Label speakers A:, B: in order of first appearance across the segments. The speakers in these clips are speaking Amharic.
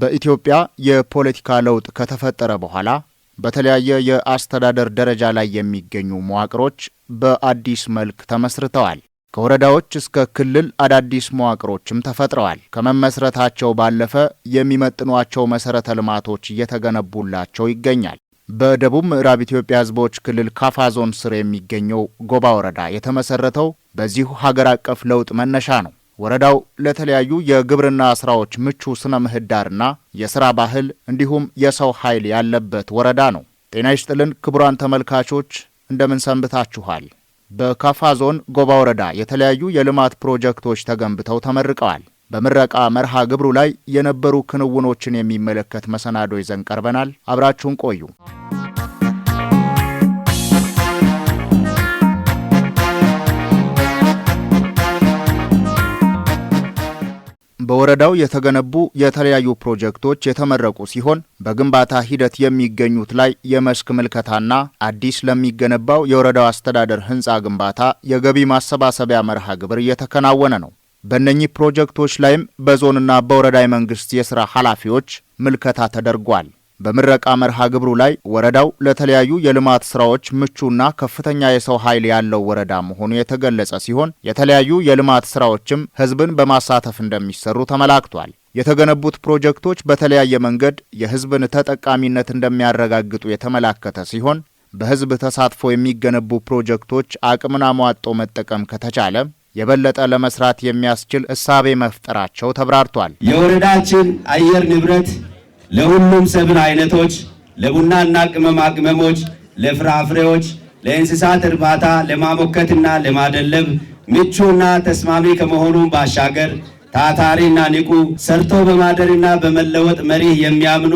A: በኢትዮጵያ የፖለቲካ ለውጥ ከተፈጠረ በኋላ በተለያየ የአስተዳደር ደረጃ ላይ የሚገኙ መዋቅሮች በአዲስ መልክ ተመስርተዋል። ከወረዳዎች እስከ ክልል አዳዲስ መዋቅሮችም ተፈጥረዋል። ከመመስረታቸው ባለፈ የሚመጥኗቸው መሰረተ ልማቶች እየተገነቡላቸው ይገኛል። በደቡብ ምዕራብ ኢትዮጵያ ሕዝቦች ክልል ካፋ ዞን ስር የሚገኘው ጎባ ወረዳ የተመሰረተው በዚሁ ሀገር አቀፍ ለውጥ መነሻ ነው። ወረዳው ለተለያዩ የግብርና ስራዎች ምቹ ስነ ምህዳርና የስራ ባህል እንዲሁም የሰው ኃይል ያለበት ወረዳ ነው። ጤና ይስጥልን ክቡራን ተመልካቾች እንደምን ሰንብታችኋል? በካፋ ዞን ጎባ ወረዳ የተለያዩ የልማት ፕሮጀክቶች ተገንብተው ተመርቀዋል። በምረቃ መርሃ ግብሩ ላይ የነበሩ ክንውኖችን የሚመለከት መሰናዶ ይዘን ቀርበናል። አብራችሁን ቆዩ። በወረዳው የተገነቡ የተለያዩ ፕሮጀክቶች የተመረቁ ሲሆን በግንባታ ሂደት የሚገኙት ላይ የመስክ ምልከታና አዲስ ለሚገነባው የወረዳው አስተዳደር ህንፃ ግንባታ የገቢ ማሰባሰቢያ መርሃ ግብር እየተከናወነ ነው። በእነኚህ ፕሮጀክቶች ላይም በዞንና በወረዳ የመንግስት የሥራ ኃላፊዎች ምልከታ ተደርጓል። በምረቃ መርሃ ግብሩ ላይ ወረዳው ለተለያዩ የልማት ስራዎች ምቹና ከፍተኛ የሰው ኃይል ያለው ወረዳ መሆኑ የተገለጸ ሲሆን የተለያዩ የልማት ስራዎችም ህዝብን በማሳተፍ እንደሚሰሩ ተመላክቷል። የተገነቡት ፕሮጀክቶች በተለያየ መንገድ የህዝብን ተጠቃሚነት እንደሚያረጋግጡ የተመላከተ ሲሆን በህዝብ ተሳትፎ የሚገነቡ ፕሮጀክቶች አቅምን አሟጦ መጠቀም ከተቻለ የበለጠ ለመስራት የሚያስችል እሳቤ መፍጠራቸው ተብራርቷል።
B: የወረዳችን አየር ንብረት ለሁሉም ሰብል አይነቶች፣ ለቡናና ቅመማ ቅመሞች፣ ለፍራፍሬዎች፣ ለእንስሳት እርባታ ለማሞከትና ለማደለብ ምቹና ተስማሚ ከመሆኑን ባሻገር ታታሪና ንቁ ሰርቶ በማደርና በመለወጥ መሪህ የሚያምኑ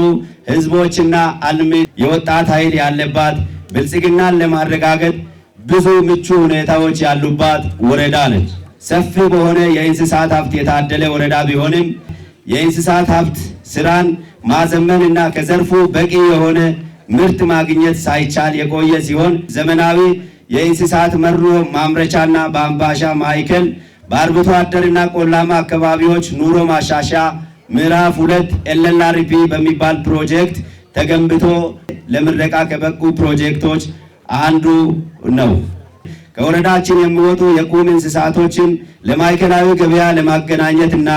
B: ህዝቦችና አልሚ የወጣት ኃይል ያለባት ብልጽግናን ለማረጋገጥ ብዙ ምቹ ሁኔታዎች ያሉባት ወረዳ ነች። ሰፊ በሆነ የእንስሳት ሀብት የታደለ ወረዳ ቢሆንም የእንስሳት ሀብት ስራን ማዘመንና ከዘርፉ በቂ የሆነ ምርት ማግኘት ሳይቻል የቆየ ሲሆን ዘመናዊ የእንስሳት መሮ ማምረቻና በአምባሻ ማዕከል በአርብቶ አደርና ቆላማ አካባቢዎች ኑሮ ማሻሻ ምዕራፍ ሁለት ኤልኤልአርፒ በሚባል ፕሮጀክት ተገንብቶ ለምረቃ ከበቁ ፕሮጀክቶች አንዱ ነው። ከወረዳችን የሚወጡ የቁም እንስሳቶችን ለማዕከላዊ ገበያ ለማገናኘት እና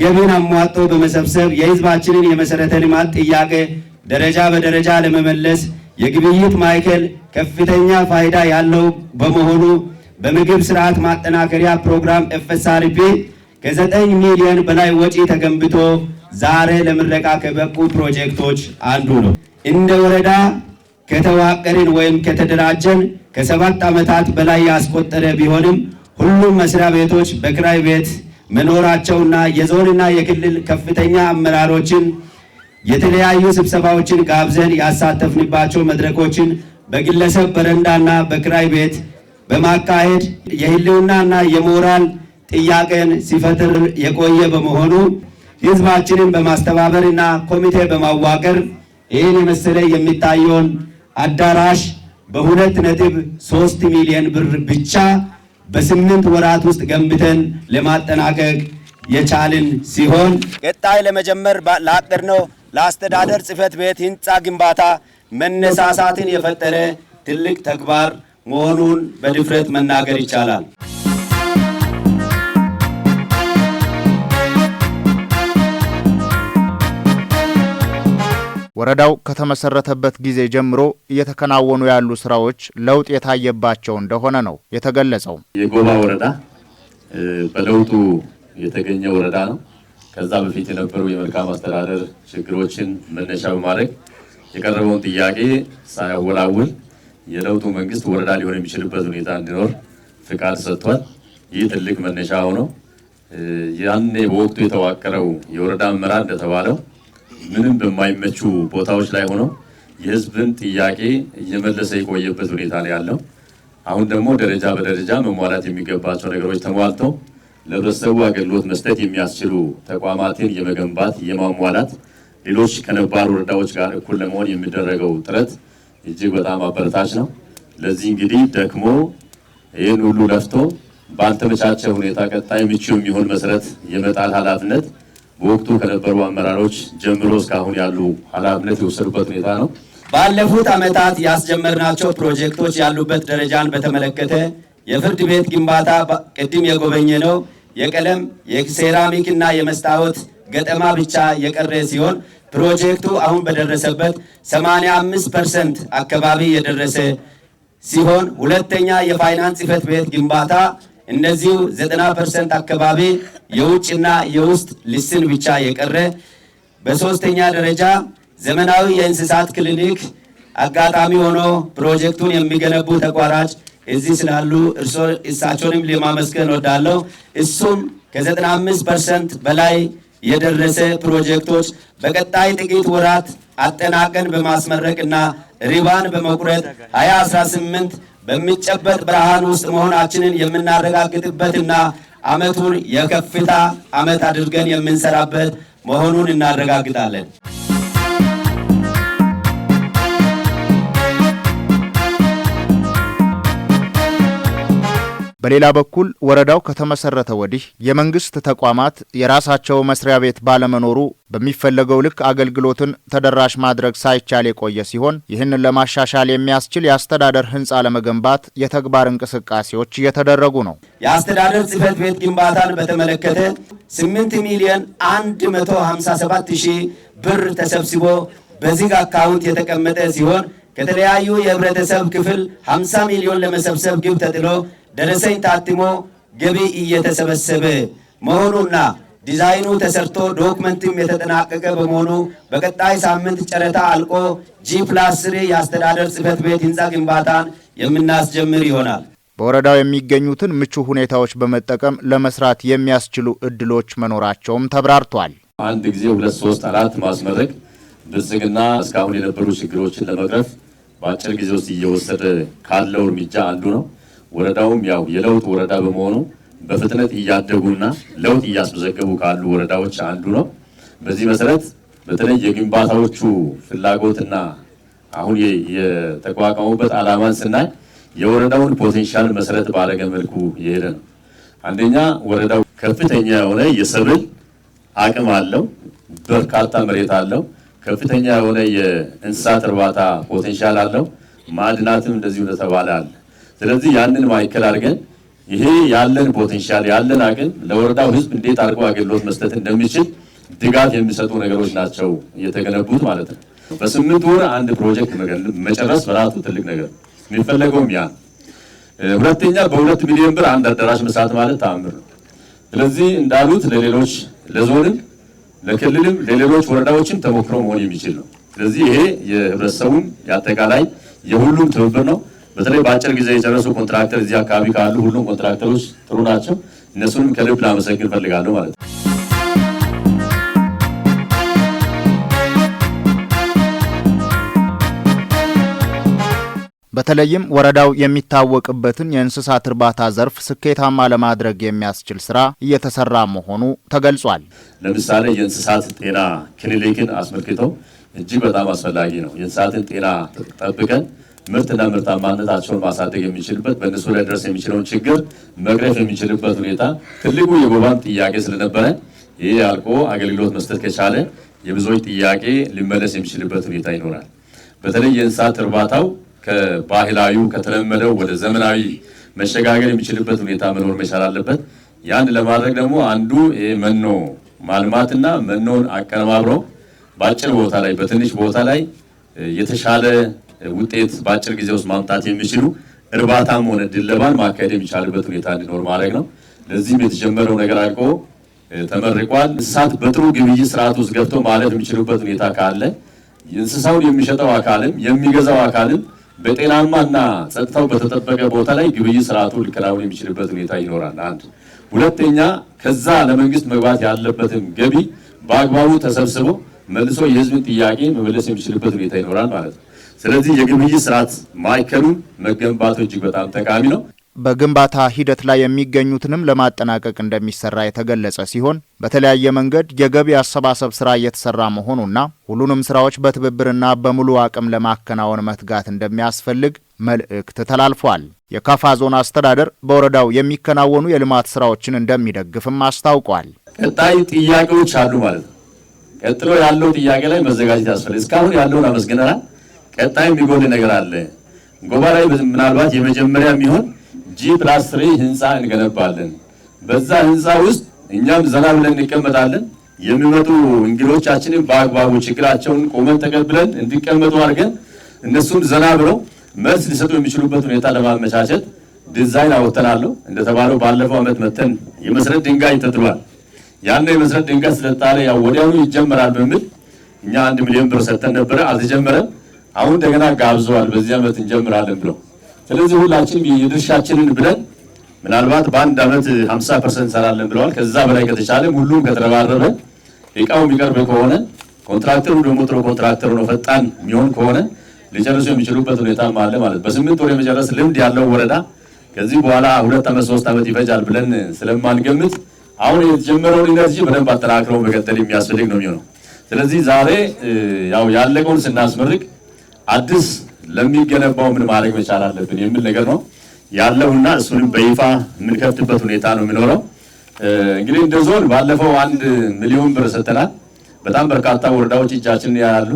B: ገቢን አሟጦ በመሰብሰብ የህዝባችንን የመሰረተ ልማት ጥያቄ ደረጃ በደረጃ ለመመለስ የግብይት ማዕከል ከፍተኛ ፋይዳ ያለው በመሆኑ በምግብ ስርዓት ማጠናከሪያ ፕሮግራም ኤፍኤስአርፒ ከዘጠኝ ሚሊዮን በላይ ወጪ ተገንብቶ ዛሬ ለምረቃ ከበቁ ፕሮጀክቶች አንዱ ነው። እንደ ወረዳ ከተዋቀርን ወይም ከተደራጀን ከሰባት ዓመታት በላይ ያስቆጠረ ቢሆንም ሁሉም መስሪያ ቤቶች በክራይ ቤት መኖራቸውና የዞንና የክልል ከፍተኛ አመራሮችን የተለያዩ ስብሰባዎችን ጋብዘን ያሳተፍንባቸው መድረኮችን በግለሰብ በረንዳና በክራይ ቤት በማካሄድ የህልውናና የሞራል ጥያቄን ሲፈጥር የቆየ በመሆኑ ህዝባችንን በማስተባበርና ኮሚቴ በማዋቀር ይህን የመሰለ የሚታየውን አዳራሽ በሁለት ነጥብ ሶስት ሚሊዮን ብር ብቻ በስምንት ወራት ውስጥ ገንብተን ለማጠናቀቅ የቻልን ሲሆን
C: ቀጣይ ለመጀመር ላቀድነው ለአስተዳደር ጽህፈት ቤት ህንፃ ግንባታ መነሳሳትን የፈጠረ ትልቅ ተግባር መሆኑን በድፍረት መናገር ይቻላል።
A: ወረዳው ከተመሰረተበት ጊዜ ጀምሮ እየተከናወኑ ያሉ ስራዎች ለውጥ የታየባቸው እንደሆነ ነው የተገለጸው።
D: የጎባ ወረዳ በለውጡ የተገኘ ወረዳ ነው። ከዛ በፊት የነበሩ የመልካም አስተዳደር ችግሮችን መነሻ በማድረግ የቀረበውን ጥያቄ ሳያወላውል የለውጡ መንግስት ወረዳ ሊሆን የሚችልበት ሁኔታ እንዲኖር ፍቃድ ሰጥቷል። ይህ ትልቅ መነሻ ሆኖ ያኔ በወቅቱ የተዋቀረው የወረዳ አመራር እንደተባለው ምንም በማይመቹ ቦታዎች ላይ ሆኖ የህዝብን ጥያቄ እየመለሰ የቆየበት ሁኔታ ነው ያለው። አሁን ደግሞ ደረጃ በደረጃ መሟላት የሚገባቸው ነገሮች ተሟልተው ለህብረተሰቡ አገልግሎት መስጠት የሚያስችሉ ተቋማትን የመገንባት የማሟላት፣ ሌሎች ከነባሩ ወረዳዎች ጋር እኩል ለመሆን የሚደረገው ጥረት እጅግ በጣም አበረታች ነው። ለዚህ እንግዲህ ደክሞ ይህን ሁሉ ለፍቶ ባልተመቻቸ ሁኔታ ቀጣይ ምቹ የሚሆን መሰረት የመጣል ኃላፊነት በወቅቱ ከነበሩ አመራሮች ጀምሮ እስካሁን ያሉ ኃላፊነት የወሰዱበት ሁኔታ ነው።
B: ባለፉት ዓመታት ያስጀመርናቸው ፕሮጀክቶች ያሉበት ደረጃን በተመለከተ የፍርድ ቤት ግንባታ ቅድም የጎበኘ ነው። የቀለም የሴራሚክ እና የመስታወት ገጠማ ብቻ የቀረ ሲሆን ፕሮጀክቱ አሁን በደረሰበት 85 ፐርሰንት አካባቢ የደረሰ ሲሆን ሁለተኛ የፋይናንስ ጽሕፈት ቤት ግንባታ እንደዚሁ 90% አካባቢ የውጭና የውስጥ ልስን ብቻ የቀረ። በሶስተኛ ደረጃ ዘመናዊ የእንስሳት ክሊኒክ አጋጣሚ ሆኖ ፕሮጀክቱን የሚገነቡ ተቋራጭ እዚህ ስላሉ እሳቸውንም ለማመስገን ወዳለሁ። እሱም ከ95% በላይ የደረሰ ፕሮጀክቶች በቀጣይ ጥቂት ወራት አጠናቀን በማስመረቅ እና ሪባን በመቁረጥ 2018 በሚጨበጥ ብርሃን ውስጥ መሆናችንን የምናረጋግጥበትና ዓመቱን የከፍታ ዓመት አድርገን የምንሰራበት መሆኑን እናረጋግጣለን።
A: በሌላ በኩል ወረዳው ከተመሰረተ ወዲህ የመንግስት ተቋማት የራሳቸው መስሪያ ቤት ባለመኖሩ በሚፈለገው ልክ አገልግሎትን ተደራሽ ማድረግ ሳይቻል የቆየ ሲሆን ይህንን ለማሻሻል የሚያስችል የአስተዳደር ህንፃ ለመገንባት የተግባር እንቅስቃሴዎች እየተደረጉ ነው።
B: የአስተዳደር ጽህፈት ቤት ግንባታን በተመለከተ 8 ሚሊዮን 157 ሺህ ብር ተሰብስቦ በዚህ አካውንት የተቀመጠ ሲሆን ከተለያዩ የህብረተሰብ ክፍል 50 ሚሊዮን ለመሰብሰብ ግብ ተጥሎ ደረሰኝ ታትሞ ገቢ እየተሰበሰበ መሆኑና ዲዛይኑ ተሰርቶ ዶክመንትም የተጠናቀቀ በመሆኑ በቀጣይ ሳምንት ጨረታ አልቆ ጂ ፕላስ ስሪ የአስተዳደር ጽህፈት ቤት ህንፃ ግንባታን የምናስጀምር ይሆናል።
A: በወረዳው የሚገኙትን ምቹ ሁኔታዎች በመጠቀም ለመስራት የሚያስችሉ እድሎች መኖራቸውም ተብራርቷል።
D: አንድ ጊዜ ሁለት ሶስት አራት ማስመረቅ ብልጽግና እስካሁን የነበሩ ችግሮችን ለመቅረፍ በአጭር ጊዜ ውስጥ እየወሰደ ካለው እርምጃ አንዱ ነው። ወረዳውም ያው የለውጥ ወረዳ በመሆኑ በፍጥነት እያደጉና ለውጥ እያስመዘገቡ ካሉ ወረዳዎች አንዱ ነው። በዚህ መሰረት በተለይ የግንባታዎቹ ፍላጎትና አሁን የተቋቋሙበት ዓላማን ስናይ የወረዳውን ፖቴንሻል መሰረት ባደረገ መልኩ የሄደ ነው። አንደኛ ወረዳው ከፍተኛ የሆነ የሰብል አቅም አለው፣ በርካታ መሬት አለው። ከፍተኛ የሆነ የእንስሳት እርባታ ፖቴንሻል አለው። ማዕድናትም እንደዚሁ እንደተባለ አለ። ስለዚህ ያንን ማዕከል አድርገን ይሄ ያለን ፖቴንሻል ያለን አቅም ለወረዳው ህዝብ እንዴት አድርጎ አገልግሎት መስጠት እንደሚችል ድጋፍ የሚሰጡ ነገሮች ናቸው እየተገነቡት ማለት ነው። በስምንት ወር አንድ ፕሮጀክት መጨረስ በራሱ ትልቅ ነገር የሚፈለገውም ያ። ሁለተኛ በሁለት ሚሊዮን ብር አንድ አዳራሽ መስራት ማለት ተአምር ነው። ስለዚህ እንዳሉት ለሌሎች ለዞንም፣ ለክልልም፣ ለሌሎች ወረዳዎችም ተሞክሮ መሆን የሚችል ነው። ስለዚህ ይሄ የህብረተሰቡም የአጠቃላይ የሁሉም ትብብር ነው። በተለይ በአጭር ጊዜ የጨረሱ ኮንትራክተር እዚህ አካባቢ ካሉ ሁሉም ኮንትራክተሮች ጥሩ ናቸው። እነሱንም ከልብ ላመሰግን ፈልጋለሁ ማለት ነው።
A: በተለይም ወረዳው የሚታወቅበትን የእንስሳት እርባታ ዘርፍ ስኬታማ ለማድረግ የሚያስችል ስራ እየተሰራ መሆኑ ተገልጿል።
D: ለምሳሌ የእንስሳት ጤና ክሊኒክን አስመልክተው እጅግ በጣም አስፈላጊ ነው። የእንስሳትን ጤና ጠብቀን ምርትና ምርታማነታቸውን ማሳደግ የሚችልበት በእነሱ ላይ ድረስ የሚችለውን ችግር መቅረፍ የሚችልበት ሁኔታ ትልቁ የጎባን ጥያቄ ስለነበረ ይህ አልቆ አገልግሎት መስጠት ከቻለ የብዙዎች ጥያቄ ሊመለስ የሚችልበት ሁኔታ ይኖራል። በተለይ የእንስሳት እርባታው ከባህላዊ ከተለመደው ወደ ዘመናዊ መሸጋገር የሚችልበት ሁኔታ መኖር መቻል አለበት። ያን ለማድረግ ደግሞ አንዱ መኖ ማልማትና መኖን አቀነባብሮ በአጭር ቦታ ላይ በትንሽ ቦታ ላይ የተሻለ ውጤት በአጭር ጊዜ ውስጥ ማምጣት የሚችሉ እርባታም ሆነ ድለባን ማካሄድ የሚቻልበት ሁኔታ እንዲኖር ማድረግ ነው። ለዚህም የተጀመረው ነገር አልቆ ተመርቋል። እንስሳት በጥሩ ግብይት ስርዓት ውስጥ ገብተው ማለት የሚችሉበት ሁኔታ ካለ እንስሳውን የሚሸጠው አካልም የሚገዛው አካልም በጤናማና ጸጥታው በተጠበቀ ቦታ ላይ ግብይት ስርዓቱ ሊከናወን የሚችልበት ሁኔታ ይኖራል። አንድ ሁለተኛ፣ ከዛ ለመንግስት መግባት ያለበትም ገቢ በአግባቡ ተሰብስቦ መልሶ የህዝብን ጥያቄ መመለስ የሚችልበት ሁኔታ ይኖራል ማለት ነው። ስለዚህ የግብይት ስርዓት ማዕከሉ መገንባቱ እጅግ በጣም ጠቃሚ ነው።
A: በግንባታ ሂደት ላይ የሚገኙትንም ለማጠናቀቅ እንደሚሰራ የተገለጸ ሲሆን በተለያየ መንገድ የገቢ አሰባሰብ ስራ እየተሰራ መሆኑና ሁሉንም ስራዎች በትብብርና በሙሉ አቅም ለማከናወን መትጋት እንደሚያስፈልግ መልእክት ተላልፏል። የካፋ ዞን አስተዳደር በወረዳው የሚከናወኑ የልማት ስራዎችን እንደሚደግፍም አስታውቋል።
D: ቀጣይ ጥያቄዎች አሉ ማለት ነው። ቀጥሎ ያለው ጥያቄ ላይ መዘጋጀት ያስፈልግ። እስካሁን ያለውን አመስግነናል። ቀጣይ የሚጎል ነገር አለ። ጎባ ላይ ምናልባት የመጀመሪያ የሚሆን ጂ ፕላስ ትሪ ህንፃ እንገነባለን። በዛ ህንፃ ውስጥ እኛም ዘና ብለን እንቀመጣለን። የሚመጡ እንግዶቻችንን በአግባቡ ችግራቸውን ቆመን ተቀብለን እንዲቀመጡ አድርገን እነሱም ዘና ብለው መልስ ሊሰጡ የሚችሉበት ሁኔታ ለማመቻቸት ዲዛይን አወተናለሁ። እንደተባለው ባለፈው ዓመት መተን የመሰረት ድንጋይ ተጥሏል። ያን የመሰረት ድንጋይ ስለተጣለ ያው ወዲያውኑ ይጀመራል በሚል እኛ አንድ ሚሊዮን ብር ሰጥተን ነበረ፣ አልተጀመረም። አሁን እንደገና ጋብዘዋል። በዚህ ዓመት እንጀምራለን ብለው ስለዚህ ሁላችንም የድርሻችንን ብለን ምናልባት በአንድ ዓመት 50 ፐርሰንት ሰራለን ብለዋል። ከዛ በላይ ከተቻለ ሁሉም ከተረባረበ እቃው የሚቀርብ ከሆነ ኮንትራክተሩ ደግሞ ጥሩ ኮንትራክተሩ ነው ፈጣን የሚሆን ከሆነ ሊጨርሱ የሚችሉበት ሁኔታ አለ ማለት በስምንት ወር የመጨረስ ልምድ ያለው ወረዳ ከዚህ በኋላ ሁለት ዓመት ሶስት ዓመት ይፈጃል ብለን ስለማንገምት አሁን የተጀመረውን ኢነርጂ በደንብ አጠናክረው መቀጠል የሚያስፈልግ ነው የሚሆነው። ስለዚህ ዛሬ ያው ያለቀውን ስናስመርቅ አዲስ ለሚገነባው ምን ማድረግ መቻል አለብን የሚል ነገር ነው ያለውና እሱንም በይፋ የምንከፍትበት ሁኔታ ነው የሚኖረው። እንግዲህ እንደ ዞን ባለፈው አንድ ሚሊዮን ብር ሰጥተናል። በጣም በርካታ ወረዳዎች እጃችን ያሉ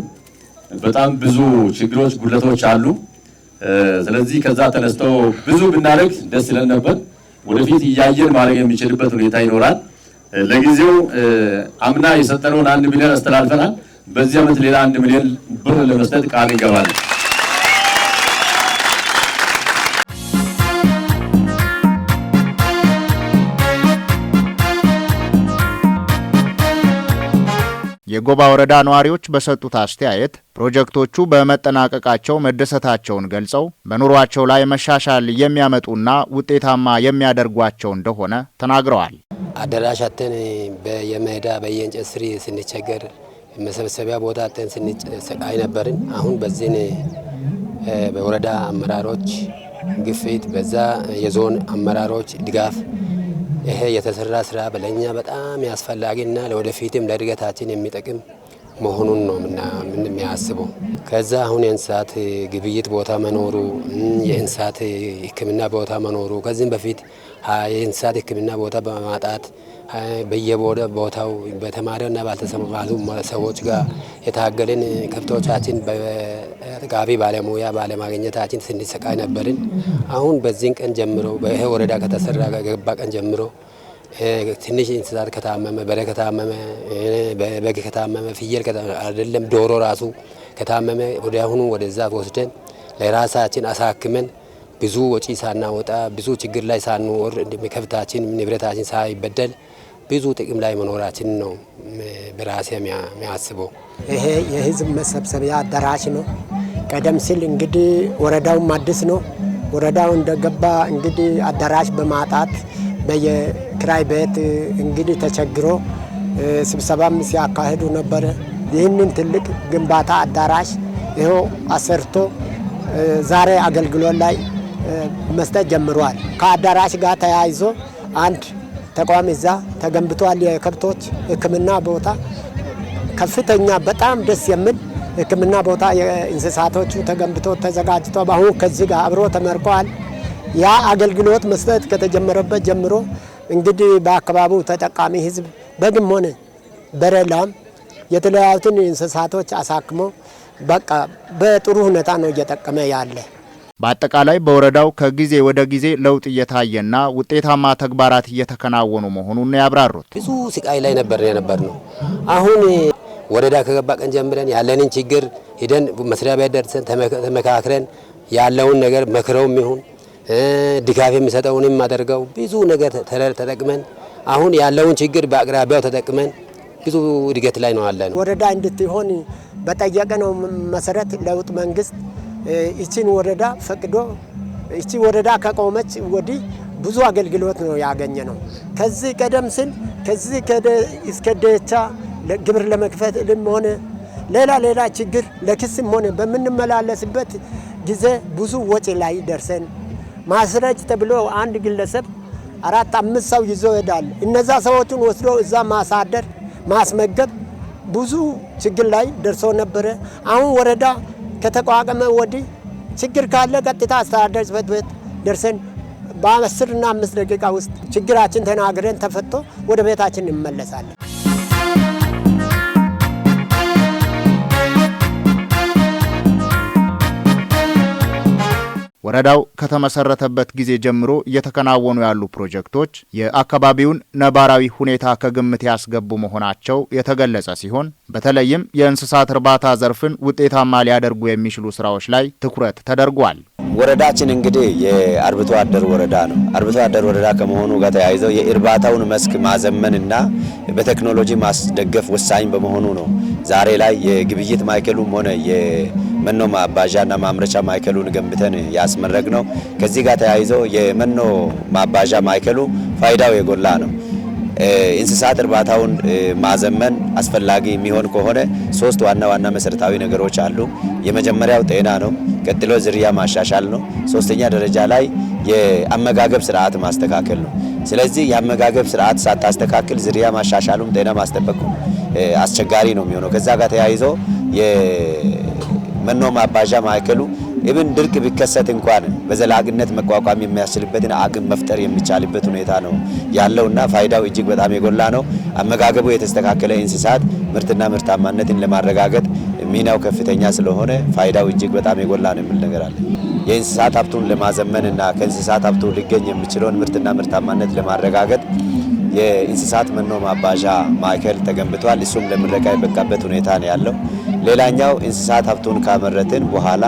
D: በጣም ብዙ ችግሮች፣ ጉለቶች አሉ። ስለዚህ ከዛ ተነስተው ብዙ ብናደርግ ደስ ይለን ነበር። ወደፊት እያየን ማድረግ የሚችልበት ሁኔታ ይኖራል። ለጊዜው አምና የሰጠነውን አንድ ሚሊዮን አስተላልፈናል። በዚህ ዓመት ሌላ አንድ ሚሊዮን ብር ለመስጠት ቃል ይገባል።
A: የጎባ ወረዳ ነዋሪዎች በሰጡት አስተያየት ፕሮጀክቶቹ በመጠናቀቃቸው መደሰታቸውን ገልጸው በኑሯቸው ላይ መሻሻል የሚያመጡና ውጤታማ የሚያደርጓቸው እንደሆነ ተናግረዋል።
E: አደራሻትን በየሜዳ በየእንጨት ስሪ ስንቸገር መሰብሰቢያ ቦታ አጥተን ስንሰቃይ ነበርን። አሁን በዚህ በወረዳ አመራሮች ግፊት፣ በዛ የዞን አመራሮች ድጋፍ ይሄ የተሰራ ስራ በለኛ በጣም ያስፈላጊና ለወደፊትም ለእድገታችን የሚጠቅም መሆኑን ነው ምን የሚያስበው። ከዛ አሁን የእንስሳት ግብይት ቦታ መኖሩ፣ የእንስሳት ሕክምና ቦታ መኖሩ ከዚህም በፊት የእንስሳት ሕክምና ቦታ በማጣት በየቦደ በየቦታው በተማረና ባልተሰማሩ ሰዎች ጋር የታገልን ከብቶቻችን በጋቢ ባለሙያ ባለማግኘታችን ስንሰቃይ ነበርን። አሁን በዚህን ቀን ጀምሮ በይሄ ወረዳ ከተሰራ ገባ ቀን ጀምሮ ትንሽ እንስሳት ከታመመ በሬ ከታመመ በግ ከታመመ ፍየል አይደለም ዶሮ ራሱ ከታመመ ወዲያውኑ ወደዛ ወስደን ለራሳችን አሳክመን ብዙ ወጪ ሳናወጣ ብዙ ችግር ላይ ሳንወር ከብታችን ንብረታችን ሳይበደል ብዙ ጥቅም ላይ መኖራችን ነው በራሴ የሚያስበው። ይሄ የህዝብ መሰብሰቢያ አዳራሽ ነው። ቀደም ሲል እንግዲህ ወረዳውም አዲስ ነው። ወረዳው እንደገባ እንግዲህ አዳራሽ በማጣት በየክራይ ቤት እንግዲህ ተቸግሮ ስብሰባም ሲያካሂዱ ነበረ። ይህንን ትልቅ ግንባታ አዳራሽ ይኸው አሰርቶ ዛሬ አገልግሎት ላይ መስጠት ጀምረዋል። ከአዳራሽ ጋር ተያይዞ አንድ ተቋም እዛ ተገንብቷል። የከብቶች ሕክምና ቦታ ከፍተኛ በጣም ደስ የሚል ሕክምና ቦታ የእንስሳቶቹ ተገንብቶ ተዘጋጅቶ አሁን ከዚህ ጋር አብሮ ተመርቀዋል። ያ አገልግሎት መስጠት ከተጀመረበት ጀምሮ እንግዲህ በአካባቢው ተጠቃሚ ህዝብ በግም ሆነ በረላም የተለያዩትን እንስሳቶች አሳክሞ በቃ በጥሩ ሁኔታ ነው እየጠቀመ ያለ።
A: በአጠቃላይ በወረዳው ከጊዜ ወደ ጊዜ ለውጥ እየታየና ውጤታማ ተግባራት እየተከናወኑ መሆኑን ያብራሩት
E: ብዙ ስቃይ ላይ ነበር የነበር ነው። አሁን ወረዳ ከገባ ቀን ጀምረን ያለንን ችግር ሂደን መስሪያ ቤት ደርሰን ተመካክረን ያለውን ነገር መክረውም ይሁን ድጋፍ የሚሰጠውን አደርገው ብዙ ነገር ተጠቅመን አሁን ያለውን ችግር በአቅራቢያው ተጠቅመን ብዙ እድገት ላይ ነው አለን። ወረዳ እንድትሆን በጠየቅነው መሰረት ለውጥ መንግስት ይችን ወረዳ ፈቅዶ ይቺ ወረዳ ከቆመች ወዲህ ብዙ አገልግሎት ነው ያገኘ ነው። ከዚህ ቀደም ስል ከዚህ እስከ ደቻ ግብር ለመክፈልም ሆነ ሌላ ሌላ ችግር ለክስም ሆነ በምንመላለስበት ጊዜ ብዙ ወጪ ላይ ደርሰን ማስረጅ ተብሎ አንድ ግለሰብ አራት አምስት ሰው ይዞ ይሄዳል። እነዛ ሰዎችን ወስዶ እዛ ማሳደር ማስመገብ ብዙ ችግር ላይ ደርሶ ነበረ። አሁን ወረዳ ከተቋቋመ ወዲህ ችግር ካለ ቀጥታ አስተዳደር ጽሕፈት ቤት ደርሰን በአስርና አምስት ደቂቃ ውስጥ ችግራችን ተናግረን ተፈቶ ወደ ቤታችን እንመለሳለን።
A: ወረዳው ከተመሰረተበት ጊዜ ጀምሮ እየተከናወኑ ያሉ ፕሮጀክቶች የአካባቢውን ነባራዊ ሁኔታ ከግምት ያስገቡ መሆናቸው የተገለጸ ሲሆን በተለይም የእንስሳት እርባታ ዘርፍን ውጤታማ ሊያደርጉ የሚችሉ ስራዎች ላይ ትኩረት ተደርጓል።
F: ወረዳችን እንግዲህ የአርብቶ አደር ወረዳ ነው። አርብቶ አደር ወረዳ ከመሆኑ ጋር ተያይዘው የእርባታውን መስክ ማዘመንና በቴክኖሎጂ ማስደገፍ ወሳኝ በመሆኑ ነው ዛሬ ላይ የግብይት ማዕከሉም ሆነ የመኖ ማባዣና ማምረቻ ማዕከሉን ገንብተን ያስመረቅ ነው። ከዚህ ጋር ተያይዞ የመኖ ማባዣ ማዕከሉ ፋይዳው የጎላ ነው። እንስሳት እርባታውን ማዘመን አስፈላጊ የሚሆን ከሆነ ሶስት ዋና ዋና መሰረታዊ ነገሮች አሉ። የመጀመሪያው ጤና ነው። ቀጥሎ ዝርያ ማሻሻል ነው። ሶስተኛ ደረጃ ላይ የአመጋገብ ስርዓት ማስተካከል ነው። ስለዚህ የአመጋገብ ስርዓት ሳታስተካክል ዝርያ ማሻሻሉም ጤና ነው። አስቸጋሪ ነው የሚሆነው። ከዛ ጋር ተያይዞ የመኖ ማባዣ ማዕከሉ ኢብን ድርቅ ቢከሰት እንኳን በዘላግነት መቋቋም የሚያስችልበትን አቅም መፍጠር የሚቻልበት ሁኔታ ነው ያለውና ፋይዳው እጅግ በጣም የጎላ ነው። አመጋገቡ የተስተካከለ እንስሳት ምርትና ምርታማነትን ለማረጋገጥ ሚናው ከፍተኛ ስለሆነ ፋይዳው እጅግ በጣም የጎላ ነው የሚል ነገር አለ። የእንስሳት ሀብቱን ለማዘመን ከእንስሳት ሀብቱ ሊገኝ የሚችለውን ምርትና ምርታማነት ለማረጋገጥ የእንስሳት መኖ ማባዣ ማዕከል ተገንብቷል። እሱም ለምረቃ የበቃበት ሁኔታ ነው ያለው። ሌላኛው እንስሳት ሀብቱን ካመረትን በኋላ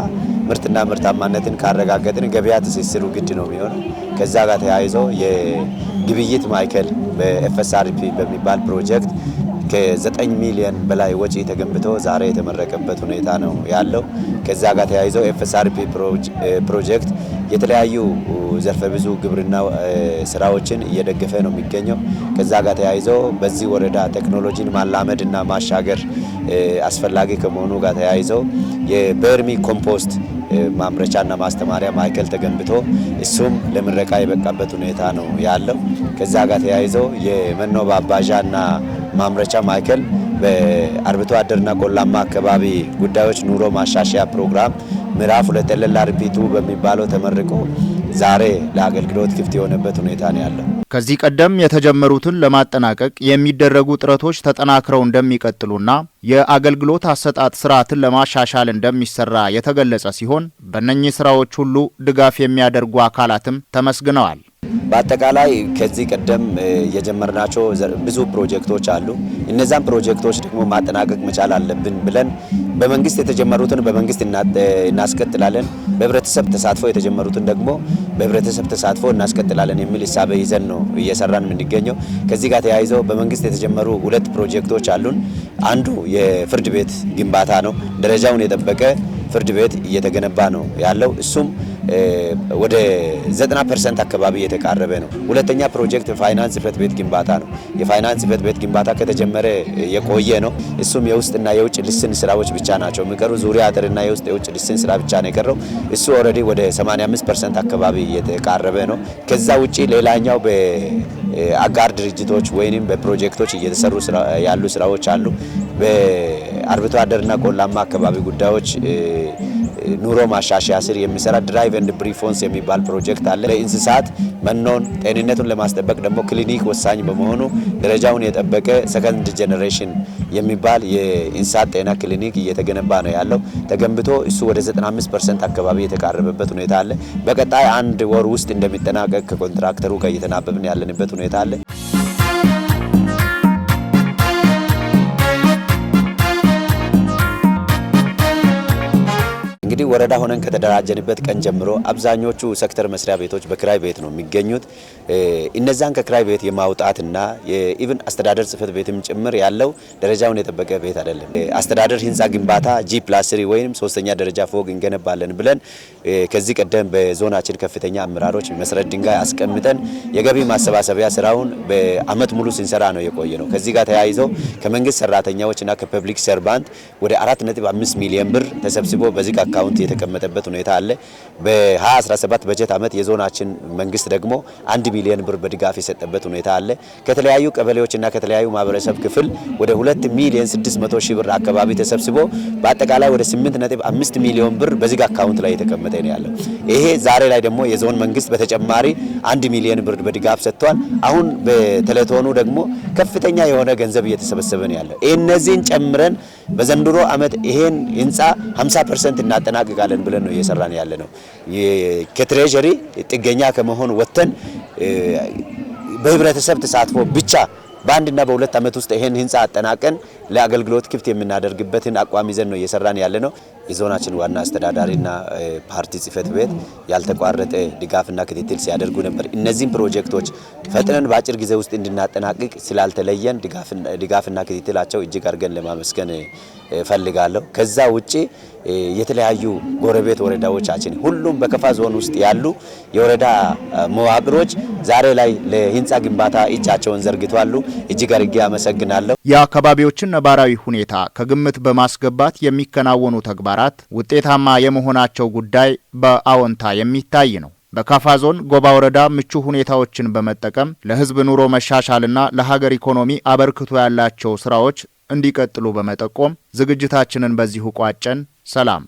F: ምርትና ምርታማነትን ካረጋገጥን ገበያ ትስስሩ ግድ ነው የሚሆነው። ከዛ ጋር ተያይዞ የግብይት ማዕከል በኤፍኤስአርፒ በሚባል ፕሮጀክት ከዘጠኝ ሚሊዮን በላይ ወጪ ተገንብቶ ዛሬ የተመረቀበት ሁኔታ ነው ያለው። ከዛ ጋር ተያይዞ ኤፍኤስአርፒ ፕሮጀክት የተለያዩ ዘርፈ ብዙ ግብርና ስራዎችን እየደገፈ ነው የሚገኘው። ከዛ ጋር ተያይዞ በዚህ ወረዳ ቴክኖሎጂን ማላመድ ማሻገር አስፈላጊ ከመሆኑ ጋር ተያይዞ የበርሚ ኮምፖስት ማምረቻና ማስተማሪያ ማዕከል ተገንብቶ እሱም ለምረቃ የበቃበት ሁኔታ ነው ያለው። ከዛ ጋር ተያይዞ የመኖ ባባዣና ማምረቻ ማዕከል በአርብቶ አደርና ቆላማ አካባቢ ጉዳዮች ኑሮ ማሻሻያ ፕሮግራም ምዕራፍ ሁለት ኤል በሚባለው ተመርቆ ዛሬ ለአገልግሎት ክፍት የሆነበት ሁኔታ ነው ያለው።
A: ከዚህ ቀደም የተጀመሩትን ለማጠናቀቅ የሚደረጉ ጥረቶች ተጠናክረው እንደሚቀጥሉና የአገልግሎት አሰጣጥ ስርዓትን ለማሻሻል እንደሚሰራ የተገለጸ ሲሆን በእነኚህ ስራዎች ሁሉ ድጋፍ የሚያደርጉ አካላትም ተመስግነዋል።
F: በአጠቃላይ ከዚህ ቀደም የጀመርናቸው ብዙ ፕሮጀክቶች አሉ። እነዛን ፕሮጀክቶች ደግሞ ማጠናቀቅ መቻል አለብን ብለን በመንግስት የተጀመሩትን በመንግስት እናስቀጥላለን፣ በህብረተሰብ ተሳትፎ የተጀመሩትን ደግሞ በህብረተሰብ ተሳትፎ እናስቀጥላለን የሚል ሂሳብ ይዘን ነው እየሰራን የምንገኘው። ከዚህ ጋር ተያይዘው በመንግስት የተጀመሩ ሁለት ፕሮጀክቶች አሉን። አንዱ የፍርድ ቤት ግንባታ ነው። ደረጃውን የጠበቀ ፍርድ ቤት እየተገነባ ነው ያለው እሱም ወደ 90 ፐርሰንት አካባቢ የተቃረበ ነው። ሁለተኛ ፕሮጀክት ፋይናንስ ጽህፈት ቤት ግንባታ ነው። የፋይናንስ ጽህፈት ቤት ግንባታ ከተጀመረ የቆየ ነው። እሱም የውስጥና የውጭ ልስን ስራዎች ብቻ ናቸው የሚቀሩ። ዙሪያ አጥርና የውስጥ የውጭ ልስን ስራ ብቻ ነው የቀረው። እሱ ኦልሬዲ ወደ 85 ፐርሰንት አካባቢ የተቃረበ ነው። ከዛ ውጭ ሌላኛው በአጋር ድርጅቶች ወይም በፕሮጀክቶች እየተሰሩ ያሉ ስራዎች አሉ። በአርብቶ አደርና ቆላማ አካባቢ ጉዳዮች ኑሮ ማሻሻያ ስር የሚሰራ ድራይቭ ኤንድ ብሪፎንስ የሚባል ፕሮጀክት አለ። ለእንስሳት መኖን ጤንነቱን ለማስጠበቅ ደግሞ ክሊኒክ ወሳኝ በመሆኑ ደረጃውን የጠበቀ ሰከንድ ጀኔሬሽን የሚባል የእንስሳት ጤና ክሊኒክ እየተገነባ ነው ያለው። ተገንብቶ እሱ ወደ 95 ፐርሰንት አካባቢ የተቃረበበት ሁኔታ አለ። በቀጣይ አንድ ወር ውስጥ እንደሚጠናቀቅ ከኮንትራክተሩ ጋር እየተናበብን ያለንበት ሁኔታ አለ። እንግዲህ ወረዳ ሆነን ከተደራጀንበት ቀን ጀምሮ አብዛኞቹ ሰክተር መስሪያ ቤቶች በክራይ ቤት ነው የሚገኙት። እነዛን ከክራይ ቤት የማውጣትና ኢቭን አስተዳደር ጽህፈት ቤትም ጭምር ያለው ደረጃውን የጠበቀ ቤት አይደለም። አስተዳደር ህንፃ ግንባታ ጂ ፕላስሪ ወይም ሶስተኛ ደረጃ ፎቅ እንገነባለን ብለን ከዚህ ቀደም በዞናችን ከፍተኛ አመራሮች መሰረት ድንጋይ አስቀምጠን የገቢ ማሰባሰቢያ ስራውን በአመት ሙሉ ስንሰራ ነው የቆየ ነው። ከዚህ ጋር ተያይዘው ከመንግስት ሰራተኛዎችና ከፐብሊክ ሰርቫንት ወደ 4.5 ሚሊዮን ብር ተሰብስቦ በዚህ አካውንት መብት የተቀመጠበት ሁኔታ አለ። በ2017 በጀት ዓመት የዞናችን መንግስት ደግሞ አንድ ቢሊዮን ብር በድጋፍ የሰጠበት ሁኔታ አለ። ከተለያዩ ቀበሌዎችና ከተለያዩ ማህበረሰብ ክፍል ወደ 2 ሚሊዮን 600 ሺህ ብር አካባቢ ተሰብስቦ በአጠቃላይ ወደ 8.5 ሚሊዮን ብር በዚህ አካውንት ላይ የተቀመጠ ነው ያለው። ይሄ ዛሬ ላይ ደግሞ የዞን መንግስት በተጨማሪ አንድ ሚሊዮን ብር በድጋፍ ሰጥቷል። አሁን በቴሌቶኑ ደግሞ ከፍተኛ የሆነ ገንዘብ እየተሰበሰበ ነው ያለው። እነዚህን ጨምረን በዘንድሮ ዓመት ይሄን ህንፃ 50 ፐርሰንት እናጠናቅ እናላቅቃለን ብለን ነው እየሰራን ያለ ነው። ከትሬጀሪ ጥገኛ ከመሆን ወጥተን በህብረተሰብ ተሳትፎ ብቻ በአንድና በሁለት ዓመት ውስጥ ይሄን ህንፃ አጠናቀን ለአገልግሎት ክፍት የምናደርግበትን አቋም ይዘን ነው እየሰራን ያለ ነው። የዞናችን ዋና አስተዳዳሪና ፓርቲ ጽህፈት ቤት ያልተቋረጠ ድጋፍና ክትትል ሲያደርጉ ነበር። እነዚህም ፕሮጀክቶች ፈጥነን በአጭር ጊዜ ውስጥ እንድናጠናቅቅ ስላልተለየን ድጋፍና ክትትላቸው እጅግ አድርገን ለማመስገን ፈልጋለሁ። ከዛ ውጪ የተለያዩ ጎረቤት ወረዳዎቻችን ሁሉም በከፋ ዞን ውስጥ ያሉ የወረዳ መዋቅሮች ዛሬ ላይ ለህንፃ ግንባታ እጃቸውን ዘርግቷሉ። እጅግ አድርጌ አመሰግናለሁ።
A: የአካባቢዎችን ነባራዊ ሁኔታ ከግምት በማስገባት የሚከናወኑ ተግባራት ውጤታማ የመሆናቸው ጉዳይ በአዎንታ የሚታይ ነው። በካፋ ዞን ጎባ ወረዳ ምቹ ሁኔታዎችን በመጠቀም ለህዝብ ኑሮ መሻሻልና ለሀገር ኢኮኖሚ አበርክቶ ያላቸው ስራዎች እንዲቀጥሉ በመጠቆም ዝግጅታችንን በዚሁ ቋጨን። ሰላም